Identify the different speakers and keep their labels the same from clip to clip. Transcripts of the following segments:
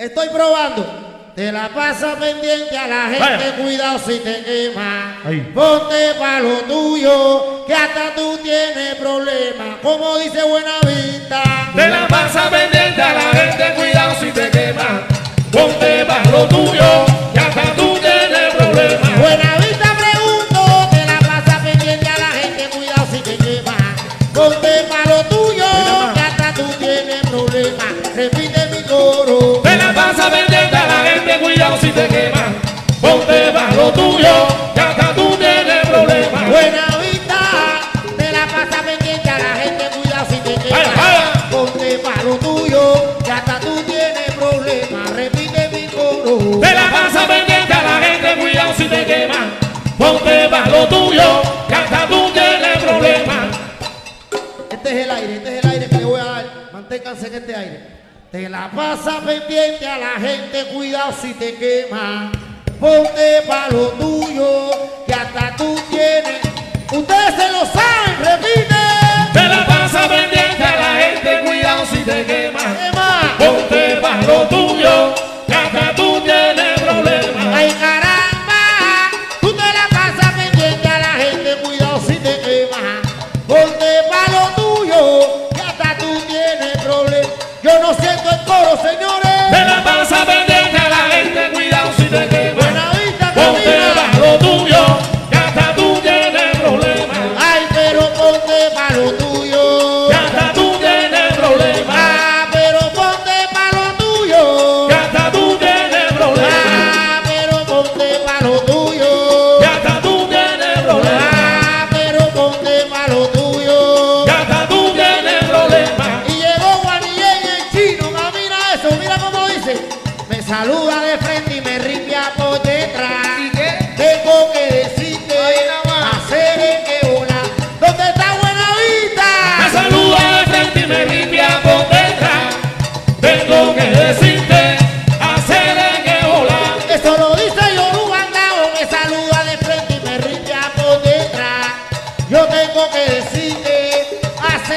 Speaker 1: Estoy probando. Te la pasa pendiente a la gente, cuidado si te quema. Ponte para lo tuyo, que hasta tú tienes problemas. Como dice Buenavista. Te la pasa pendiente a la gente, cuidado si te quema. Ponte para lo tuyo, que hasta tú Este es el aire, este es el aire que le voy a dar. Manténganse en este aire. Te la pasa pendiente a la gente, cuidado si te quema. Ponte para lo tuyo, que hasta tú tienes. Ustedes se lo saben, repite. Te la pasa pendiente a la gente, cuidado si te quema.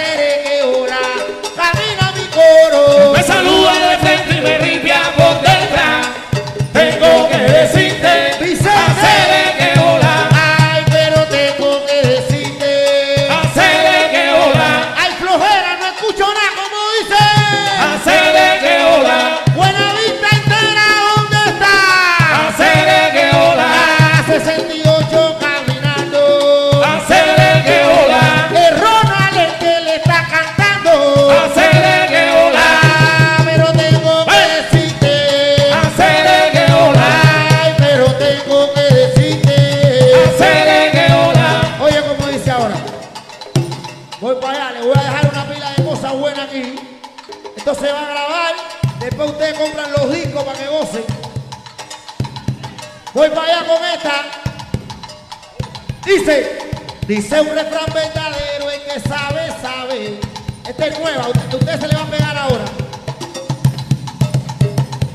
Speaker 1: तेरे Dice, dice un refrán verdadero, en que sabe, sabe. Esta es nueva, usted, usted se le va a pegar ahora.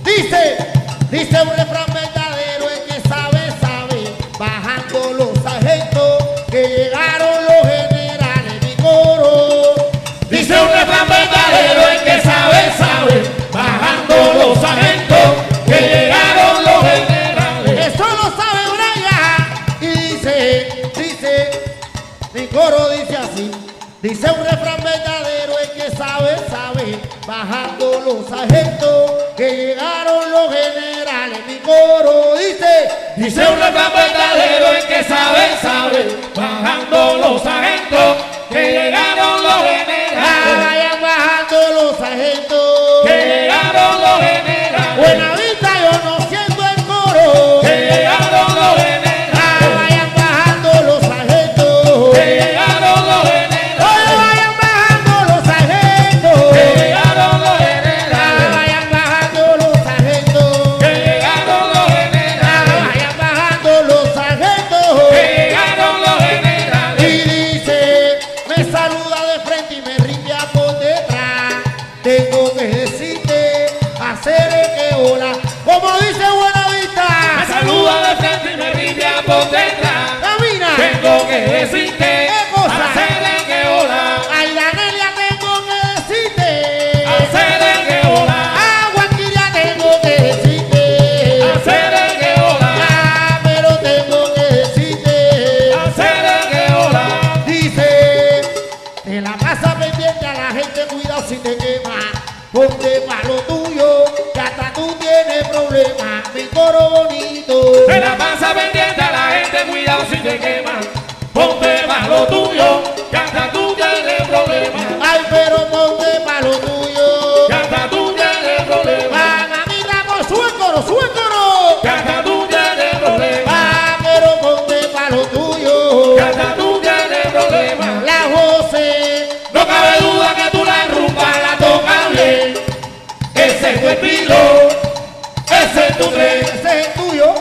Speaker 1: Dice, dice un refrán verdadero, en que sabe, sabe. Bajando los agentes. bajando los agentes que llegaron los generales, mi coro dice, dice un refrán verdadero el que sabe, sabe, bajando los agentes que llegaron los generales, bajando los agentes tengo que decirte. hacer el que hola. Ay, Danelia tengo que decirte. Hacer el que hola. A Guanquilla tengo que decirte. Hacer el que hola. pero tengo que decirte. Hacer el que hola. Dice, te la pasa pendiente a la gente, cuidado si te quema. Porque para lo tuyo, que hasta tú tienes problemas. Mi coro bonito. ese es tu tren, ese es tuyo.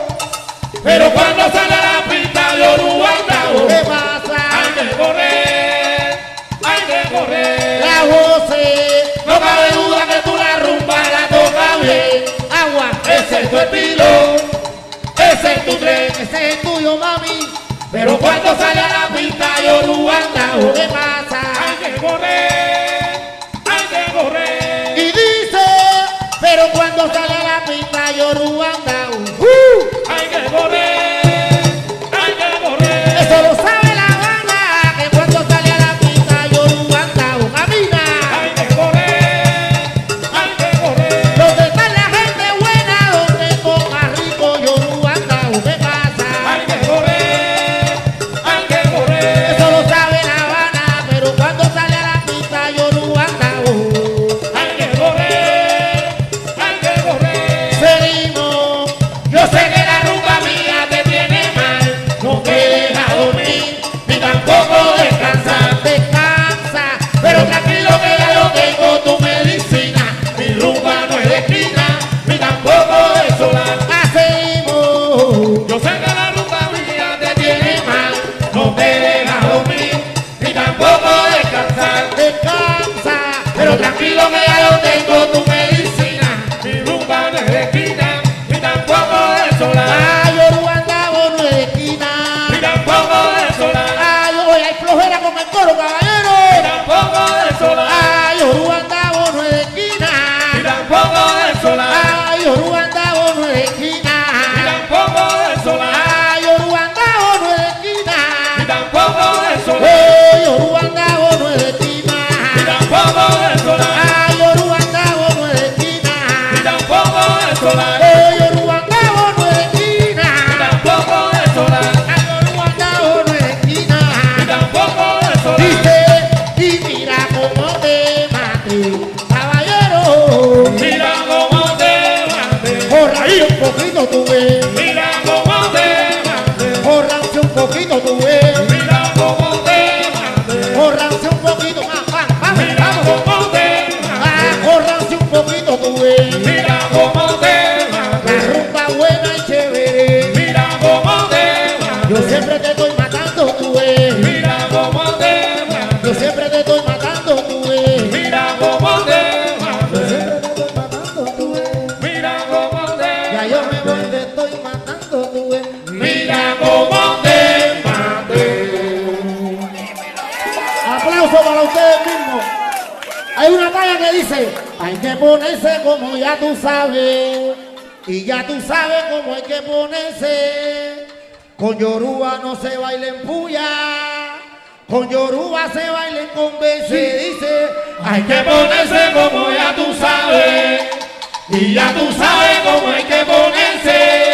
Speaker 1: Pero cuando sale a la pista de Uruguay, ¿qué pasa? Hay que correr, hay que correr. La es, no cabe duda que tú la rumba la tocas bien. Agua, ese es tu estilo, ese es tu tren, ese es tuyo, mami. Pero cuando sale a la pista de o ¿qué pasa? Hay que correr. Pero cuando sale la pinta yo ruanda, uh, hay que volver. Hay que ponerse como ya tú sabes, y ya tú sabes cómo hay que ponerse. Con Yoruba no se baila en puya, con Yoruba se baila en convence, dice. Hay que ponerse como ya tú sabes, y ya tú sabes cómo hay que ponerse.